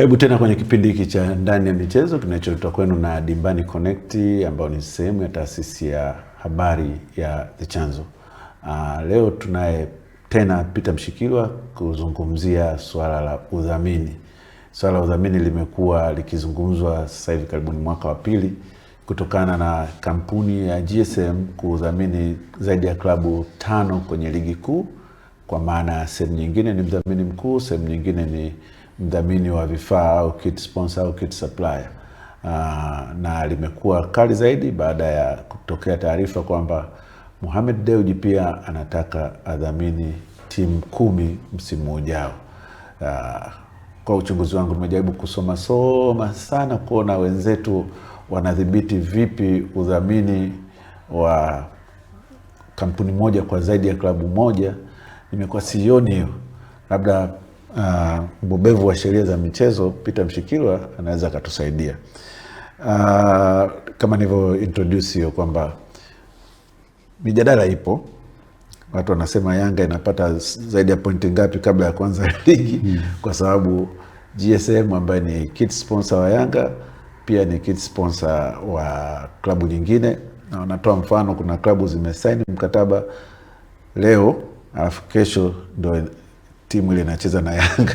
Karibu tena kwenye kipindi hiki cha ndani ya michezo kinacholetwa kwenu na Dimbani Connect ambayo ni sehemu ya taasisi ya habari ya The Chanzo. Uh, leo tunaye tena Peter Mshikilwa kuzungumzia swala la udhamini. Swala la udhamini limekuwa likizungumzwa sasa hivi karibuni mwaka wa pili kutokana na kampuni ya GSM kudhamini zaidi ya klabu tano kwenye ligi kuu, kwa maana sehemu nyingine ni mdhamini mkuu, sehemu nyingine ni mdhamini wa vifaa au kit sponsor au kit supplier. Aa, ah, na limekuwa kali zaidi baada ya kutokea taarifa kwamba Mohamed Dewji pia anataka adhamini timu kumi msimu ujao. Ah, kwa uchunguzi wangu nimejaribu kusoma soma sana kuona wenzetu wanadhibiti vipi udhamini wa kampuni moja kwa zaidi ya klabu moja. Nimekuwa sioni hiyo, labda mbobevu uh, wa sheria za michezo Peter Mshikilwa anaweza akatusaidia. Uh, kama nilivyo introduce hiyo kwamba mijadala ipo, watu wanasema Yanga inapata zaidi ya pointi ngapi kabla ya kuanza ligi mm. kwa sababu GSM ambaye ni kit sponsor wa Yanga pia ni kit sponsor wa klabu nyingine, na wanatoa mfano, kuna klabu zimesaini mkataba leo alafu kesho ndo timu ile inacheza na Yanga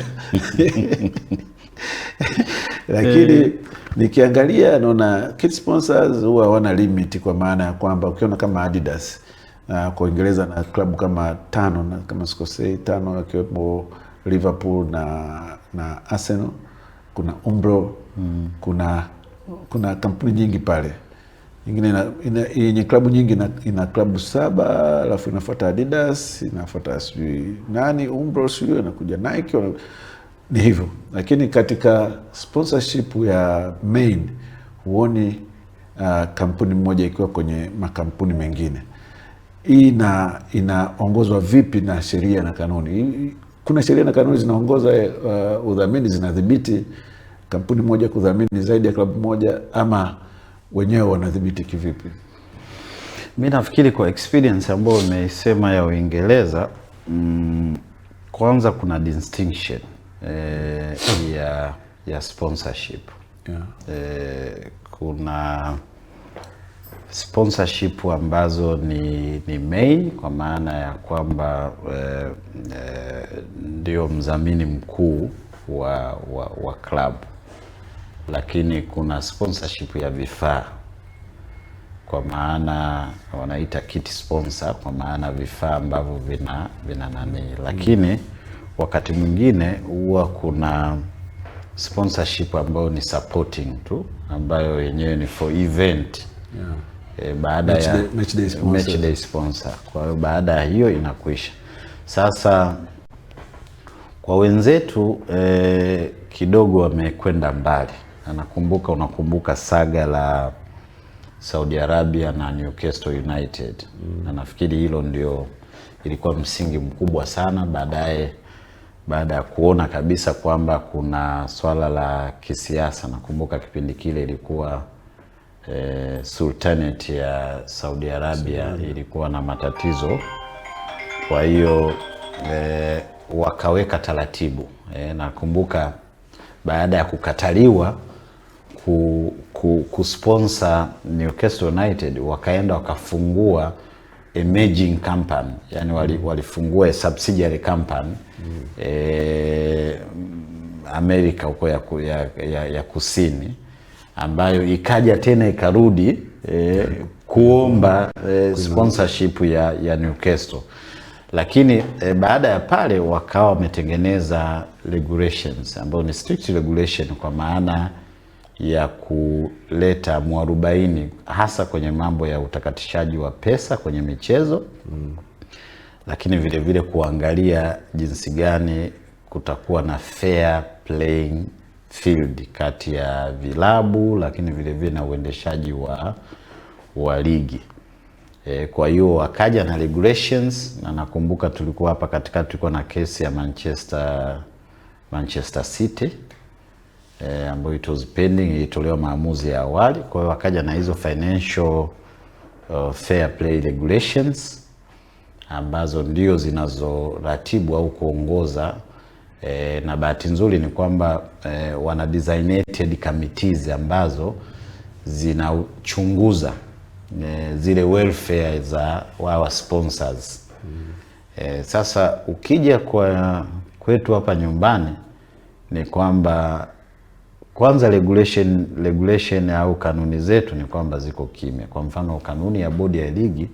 lakini eh. nikiangalia naona kit sponsors huwa hawana limit, kwa maana ya kwamba ukiona kama Adidas na uh, kwa Uingereza na klabu kama tano na kama sikosei tano, akiwepo Liverpool na na Arsenal, kuna Umbro mm. kuna kuna kampuni nyingi pale nyingine yenye klabu nyingi ina, ina klabu saba, alafu inafuata Adidas, inafuata sijui nani Umbro, sijui inakuja Nike, ni hivyo. Lakini katika sponsorship ya main huoni uh, kampuni moja ikiwa kwenye makampuni mengine. Hii ina inaongozwa vipi na sheria na kanuni? Kuna sheria na kanuni zinaongoza uh, udhamini, zinadhibiti kampuni moja kudhamini zaidi ya klabu moja ama wenyewe wanadhibiti kivipi? Mi nafikiri kwa experience ambayo umeisema ya Uingereza, mm, kwanza kuna distinction eh, ya, ya sponsorship yeah. Eh, kuna sponsorship ambazo ni, ni main kwa maana ya kwamba eh, eh, ndio mdhamini mkuu wa, wa, wa klabu lakini kuna sponsorship ya vifaa kwa maana wanaita kit sponsor, kwa maana vifaa ambavyo vina vina nani, lakini wakati mwingine huwa kuna sponsorship ambayo ni supporting tu ambayo yenyewe ni for event yeah. E, baada match ya day, match day sponsor, match day sponsor. Kwa hiyo baada ya hiyo inakuisha sasa. Kwa wenzetu e, kidogo wamekwenda mbali na nakumbuka, unakumbuka saga la Saudi Arabia na Newcastle United mm. na nafikiri hilo ndio ilikuwa msingi mkubwa sana baadaye, baada ya kuona kabisa kwamba kuna swala la kisiasa. Nakumbuka kipindi kile ilikuwa e, sultanate ya Saudi Arabia ilikuwa na matatizo, kwa hiyo e, wakaweka taratibu e, nakumbuka baada ya kukataliwa ku, ku, sponsor Newcastle United wakaenda wakafungua emerging company, yani wali, mm. walifungua subsidiary company mm. E, Amerika huko ya, ya, ya, ya kusini ambayo ikaja tena ikarudi e, kuomba e, sponsorship ya, ya Newcastle lakini e, baada ya pale wakawa wametengeneza regulations ambayo ni strict regulation kwa maana ya kuleta mwarubaini hasa kwenye mambo ya utakatishaji wa pesa kwenye michezo mm. Lakini vile vile kuangalia jinsi gani kutakuwa na fair playing field kati ya vilabu, lakini vile vile na uendeshaji wa, wa ligi e. Kwa hiyo wakaja na regulations, na nakumbuka tulikuwa hapa katikati tulikuwa na kesi ya Manchester Manchester City e, ambayo it was pending, ilitolewa maamuzi ya awali. Kwa hiyo wakaja na hizo financial uh, fair play regulations ambazo ndio zinazoratibu au kuongoza e, na bahati nzuri ni kwamba e, wana designated committees ambazo zinachunguza e, zile welfare za wawa sponsors mm. E, sasa ukija kwa kwetu hapa nyumbani ni kwamba kwanza regulation, regulation au kanuni zetu ni kwamba ziko kimya. Kwa mfano kanuni ya bodi ya ligi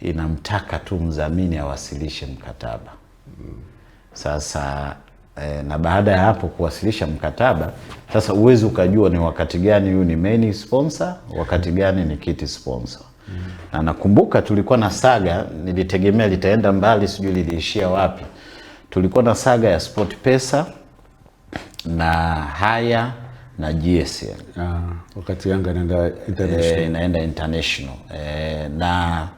inamtaka tu mdhamini awasilishe mkataba. Sasa e, na baada ya hapo kuwasilisha mkataba, sasa uwezi ukajua ni wakati gani huyu ni main sponsor, wakati gani ni kiti sponsor. Na nakumbuka tulikuwa na saga, nilitegemea litaenda mbali, sijui liliishia wapi. Tulikuwa na saga ya Sport Pesa na haya na GSM. Ah, wakati Yanga inaenda international. E, inaenda international. E, na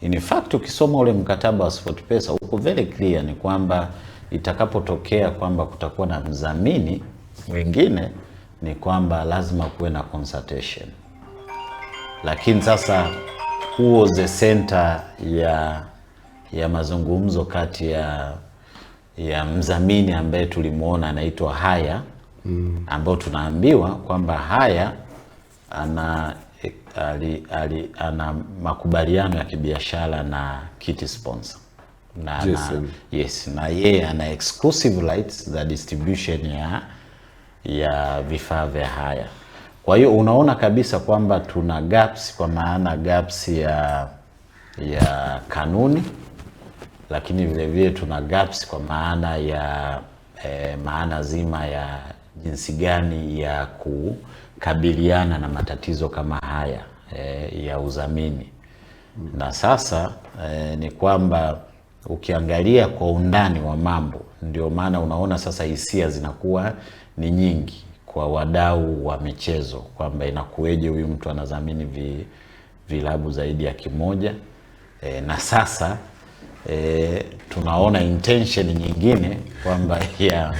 in fact ukisoma ule mkataba wa SportPesa uko very clear ni kwamba itakapotokea kwamba kutakuwa na mdhamini mwingine ni kwamba lazima kuwe na consultation. Lakini sasa huo the center ya ya mazungumzo kati ya ya mdhamini ambaye tulimwona anaitwa Haya mm. ambao tunaambiwa kwamba haya ana, ali, ali, ana makubaliano ya kibiashara na kiti sponsor na, na, yes, na yeye ana exclusive rights za distribution ya ya vifaa vya haya. Kwa hiyo unaona kabisa kwamba tuna gaps, kwa maana gaps ya ya kanuni, lakini vilevile tuna gaps kwa maana ya eh, maana zima ya jinsi gani ya kukabiliana na matatizo kama haya eh, ya uzamini mm. Na sasa eh, ni kwamba ukiangalia kwa undani wa mambo, ndio maana unaona sasa hisia zinakuwa ni nyingi kwa wadau wa michezo kwamba inakuweje, huyu mtu anadhamini vi, vilabu zaidi ya kimoja eh, na sasa e, tunaona intention nyingine kwamba ya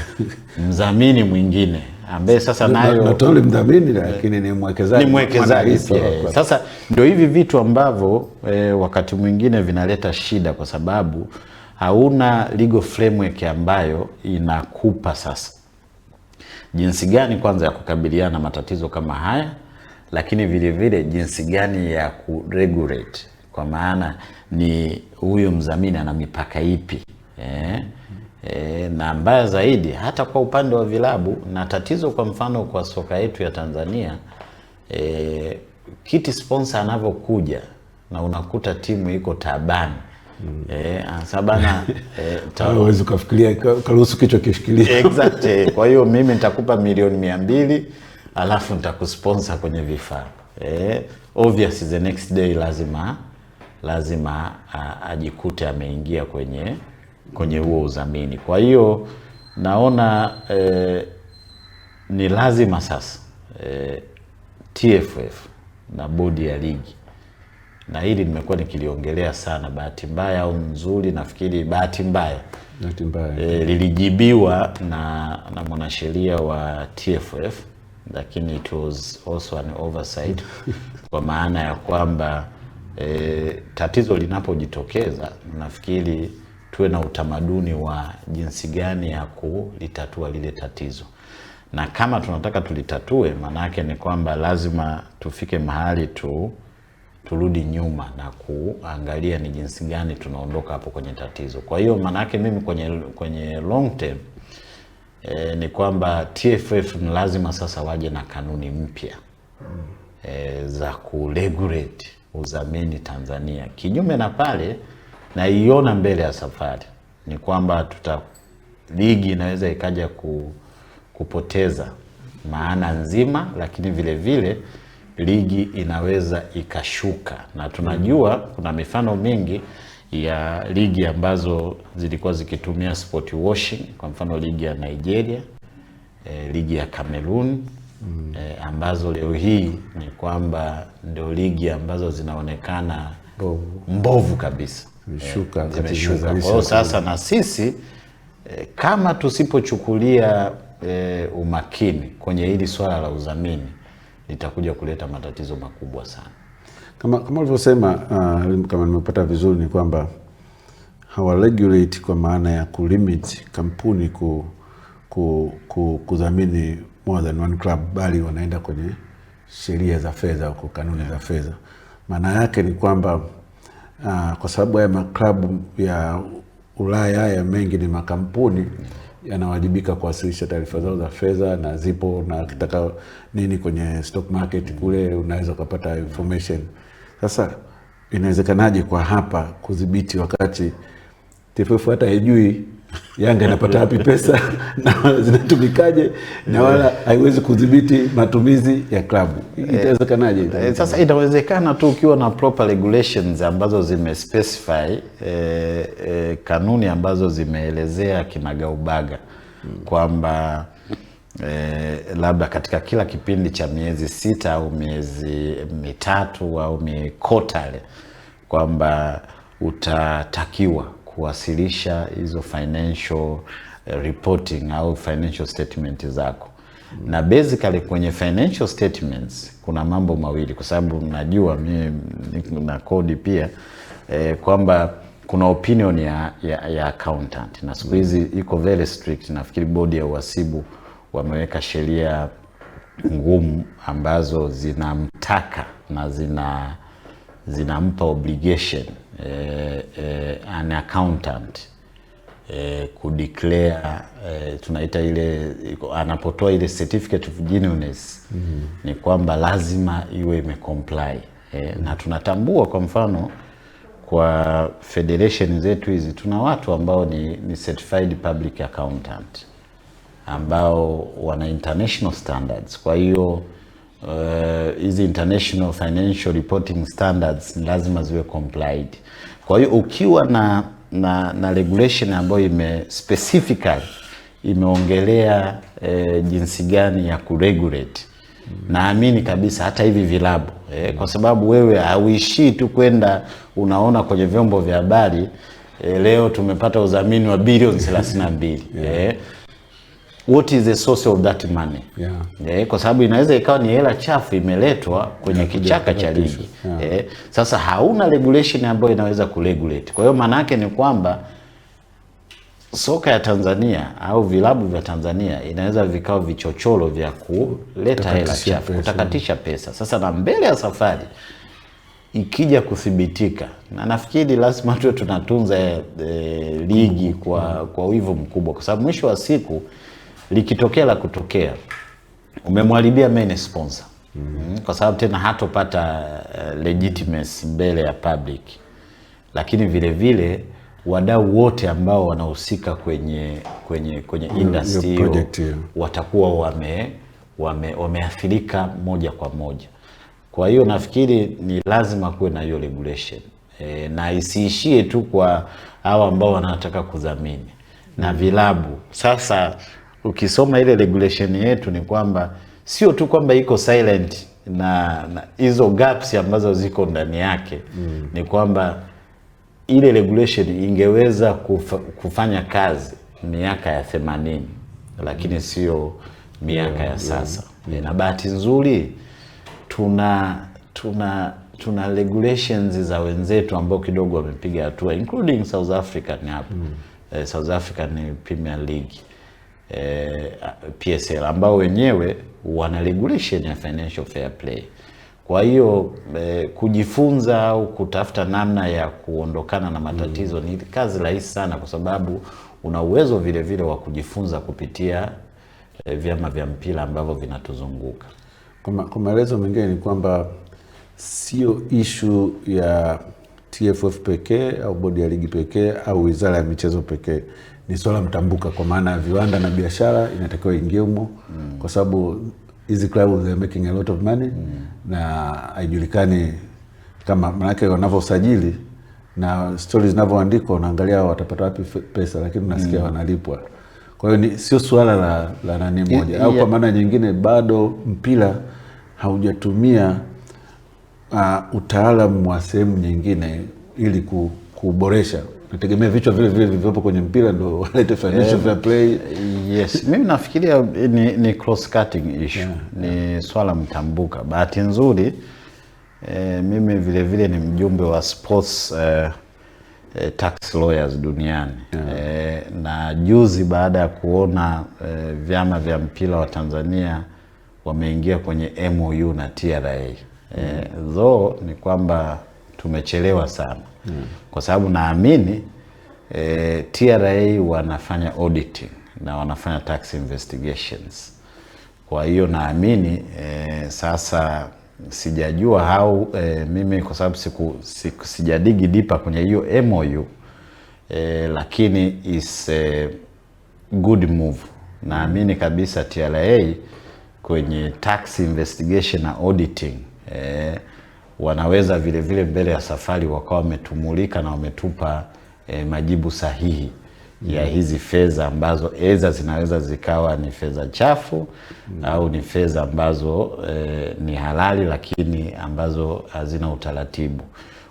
mdhamini mwingine ambaye sasa nayo ni mdhamini lakini ni mwekezaji, ni mwekezaji pia. Eh, sasa ndio hivi vitu ambavyo e, wakati mwingine vinaleta shida kwa sababu hauna legal framework ambayo inakupa sasa jinsi gani kwanza ya kukabiliana na matatizo kama haya, lakini vilevile jinsi gani ya kuregulate kwa maana ni huyo mzamini ana mipaka ipi eh? E, na mbaya zaidi hata kwa upande wa vilabu na tatizo, kwa mfano kwa soka yetu ya Tanzania e, kiti sponsor anavyokuja na unakuta timu iko tabani mm. E, karuhusu kichwa kishikilia exactly. Kwa hiyo mimi nitakupa milioni mia mbili alafu nitakusponsor kwenye vifaa eh, obviously the next day lazima lazima ajikute ameingia kwenye kwenye huo udhamini. Kwa hiyo naona e, ni lazima sasa e, TFF na bodi ya ligi, na hili nimekuwa nikiliongelea sana, bahati mbaya au nzuri, nafikiri bahati mbaya e, lilijibiwa na, na mwanasheria wa TFF, lakini it was also an oversight kwa maana ya kwamba e, tatizo linapojitokeza, nafikiri tuwe na utamaduni wa jinsi gani ya kulitatua lile tatizo, na kama tunataka tulitatue, maanake ni kwamba lazima tufike mahali tu turudi nyuma na kuangalia ni jinsi gani tunaondoka hapo kwenye tatizo. Kwa hiyo maanake mimi kwenye, kwenye long term e, ni kwamba TFF ni lazima sasa waje na kanuni mpya e, za kuregulate uzamini Tanzania. Kinyume na pale, naiona mbele ya safari ni kwamba tuta ligi inaweza ikaja ku, kupoteza maana nzima, lakini vile vile ligi inaweza ikashuka, na tunajua kuna mifano mingi ya ligi ambazo zilikuwa zikitumia sport washing, kwa mfano ligi ya Nigeria, eh, ligi ya Cameroon mm. e, ambazo leo hii ni kwamba ndio ligi ambazo zinaonekana mbovu, mbovu kabisa zimeshuka. Eh, kwa hiyo sasa na sisi e, kama tusipochukulia e, umakini kwenye hili swala la udhamini litakuja kuleta matatizo makubwa sana kama kama ulivyosema. Uh, kama nimepata vizuri ni kwamba regulate kwa maana ya kulimit kampuni ku, ku, ku, kudhamini more than one club, bali wanaenda kwenye sheria za fedha huko, kanuni za fedha. Maana yake ni kwamba uh, kwa sababu haya maklabu ya Ulaya haya mengi ni makampuni yanawajibika kuwasilisha taarifa zao za fedha na zipo na kitaka nini kwenye stock market kule unaweza ukapata information. Sasa inawezekanaje kwa hapa kudhibiti wakati TFF hata haijui Yanga inapata wapi pesa na zinatumikaje, na wala haiwezi kudhibiti matumizi ya klabu. Eh, Itawezekanaje? E, sasa itawezekana tu ukiwa na proper regulations ambazo specify e, eh, e, kanuni ambazo zimeelezea kinagaubaga hmm, kwamba E, labda katika kila kipindi cha miezi sita au miezi mitatu au mikotale kwamba utatakiwa kuwasilisha hizo financial eh, reporting au financial statement zako. Na basically kwenye financial statements kuna mambo mawili, kwa sababu najua mimi na kodi pia eh, kwamba kuna opinion ya, ya, ya accountant na siku hizi iko very strict. Nafikiri bodi ya uhasibu wameweka sheria ngumu ambazo zinamtaka na zina zinampa obligation eh, eh, an accountant eh, kudeclare eh, tunaita ile anapotoa ile certificate of genuineness mm -hmm. Ni kwamba lazima iwe imecomply eh, na tunatambua kwa mfano kwa federation zetu hizi tuna watu ambao ni, ni certified public accountant ambao wana international standards, kwa hiyo Eh, hizi uh, international financial reporting standards lazima ziwe complied. Kwa hiyo ukiwa na na, na regulation ambayo ime specifically imeongelea eh, jinsi gani ya kuregulate mm. Naamini kabisa hata hivi vilabu eh, kwa sababu wewe hauishii tu kwenda unaona kwenye vyombo vya habari eh, leo tumepata udhamini wa bilioni 32 yeah. eh, what is the source of that money yeah. Yeah, kwa sababu inaweza ikawa ni hela chafu imeletwa kwenye yeah, kichaka cha ligi yeah. Yeah. Sasa hauna regulation ambayo inaweza kuregulate. Kwa hiyo maana yake ni kwamba soka ya Tanzania au vilabu vya Tanzania inaweza vikao vichochoro vya kuleta hela chafu, kutakatisha pesa. Sasa na mbele ya safari ikija kuthibitika, na nafikiri lazima tuwe tunatunza e, ligi kwa, kwa wivu mkubwa, kwa sababu mwisho wa siku likitokea la kutokea, umemwharibia main sponsor mm. kwa sababu tena hatopata uh, legitimacy mbele ya public, lakini vile vile wadau wote ambao wanahusika kwenye kwenye kwenye mm-hmm. industry yo, watakuwa wame wame wameathirika moja kwa moja. Kwa hiyo nafikiri ni lazima kuwe na hiyo regulation e, na isiishie tu kwa hawa ambao wanataka kudhamini na mm-hmm. vilabu sasa ukisoma ile regulation yetu ni kwamba sio tu kwamba iko silent na hizo gaps ambazo ziko ndani yake mm. Ni kwamba ile regulation ingeweza kufa, kufanya kazi miaka ya themanini lakini mm. sio miaka yeah, ya mm. sasa yeah, yeah. Na bahati nzuri tuna tuna tuna regulations za wenzetu ambao kidogo wamepiga hatua including South african hapo mm. Eh, South african Premier League eh, PSL ambao wenyewe wana regulation ya financial fair play. Kwa hiyo eh, kujifunza au kutafuta namna ya kuondokana na matatizo mm, ni kazi rahisi sana, kwa sababu una uwezo vile vile wa kujifunza kupitia eh, vyama vya mpira ambavyo vinatuzunguka. Kwa maelezo mengine ni kwamba sio ishu ya TFF pekee au bodi ya ligi pekee au wizara ya michezo pekee ni swala mtambuka, kwa maana ya viwanda na biashara inatakiwa ingie humo mm. kwa sababu hizi klabu they making a lot of money mm. na haijulikani kama manake wanavyosajili na stori zinavyoandikwa unaangalia watapata wapi pesa, lakini unasikia mm. wanalipwa. Kwa hiyo sio suala la, la nani moja au kwa maana nyingine, bado mpira haujatumia uh, utaalamu wa sehemu nyingine ili kuboresha nategemea vichwa vile vile vilivyopo kwenye mpira ndo walete financial fair play. Yes, mimi nafikiria ni, ni cross cutting issue yeah, yeah. swala mtambuka. Bahati nzuri eh, mimi vile vile ni mjumbe wa sports eh, eh, tax lawyers duniani yeah. Eh, na juzi baada ya kuona eh, vyama vya mpira wa Tanzania wameingia kwenye MOU na TRA eh, mm. Zo ni kwamba tumechelewa sana kwa sababu naamini e, eh, TRA wanafanya auditing na wanafanya tax investigations. Kwa hiyo naamini e, sasa sijajua hao e, eh, mimi kwa sababu siku, siku sijadigi dipa kwenye hiyo MOU e, lakini is a good move. Naamini kabisa TRA kwenye tax investigation na auditing e, wanaweza vile vile mbele ya safari wakawa wametumulika na wametupa e, majibu sahihi ya mm. hizi fedha ambazo eza zinaweza zikawa ni fedha chafu mm. au ni fedha ambazo e, ni halali lakini ambazo hazina utaratibu.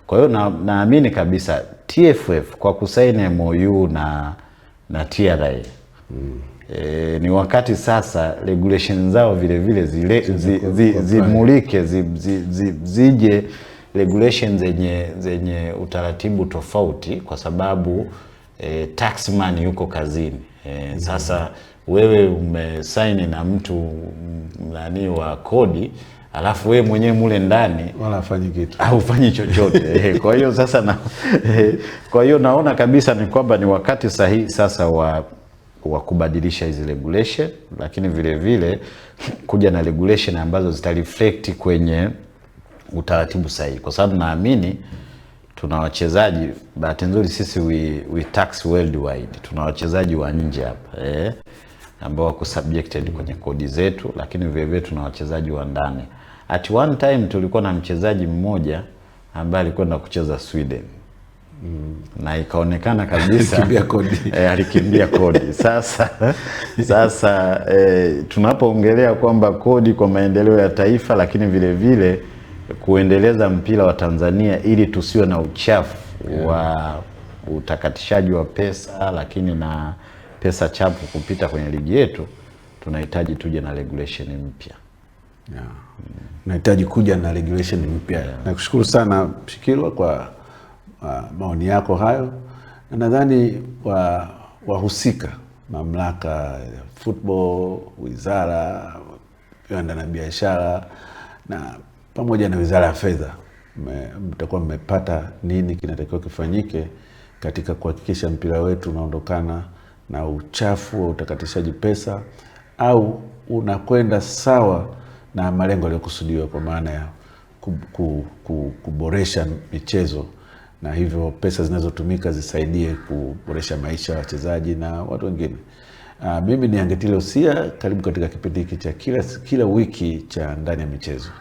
Kwa hiyo na, naamini kabisa TFF kwa kusaini MOU na, na TRA mm. E, ni wakati sasa regulation zao vile vile zile, zi, zi, zimulike zi, zi, zi, zije regulation zenye zenye utaratibu tofauti kwa sababu e, taxman yuko kazini e, mm-hmm. sasa wewe umesaini na mtu nani wa kodi alafu wewe mwenyewe mule ndani wala afanyi kitu haufanyi chochote. E, kwa hiyo sasa na, e, kwa hiyo naona kabisa ni kwamba ni wakati sahihi sasa wa wa kubadilisha hizi regulation, lakini vile vile kuja na regulation ambazo zitareflect kwenye utaratibu sahihi, kwa sababu naamini tuna wachezaji. Bahati nzuri sisi we, we tax worldwide, tuna wachezaji wa nje hapa eh, ambao wako subjected kwenye kodi zetu, lakini vile vile tuna wachezaji wa ndani. At one time tulikuwa na mchezaji mmoja ambaye alikwenda kucheza Sweden mm. na ikaonekana kabisa alikimbia kodi. E, alikimbia kodi. Sasa, sasa e, tunapoongelea kwamba kodi kwa maendeleo ya taifa, lakini vile vile kuendeleza mpira wa Tanzania ili tusiwe na uchafu yeah. wa utakatishaji wa pesa, lakini na pesa chapu kupita kwenye ligi yetu, tunahitaji tuje na regulation mpya yeah. mm. nahitaji kuja na regulation mpya yeah. Nakushukuru sana Mshikilwa kwa maoni yako hayo, na nadhani wahusika wa mamlaka ya football, wizara viwanda na biashara, na pamoja na wizara ya fedha, mtakuwa mmepata nini kinatakiwa kifanyike katika kuhakikisha mpira wetu unaondokana na uchafu wa utakatishaji pesa au unakwenda sawa na malengo yaliyokusudiwa kwa maana ya kuboresha michezo na hivyo pesa zinazotumika zisaidie kuboresha maisha ya wachezaji na watu wengine. Uh, mimi ni Angetile Usia, karibu katika kipindi hiki cha kila, kila wiki cha ndani ya michezo.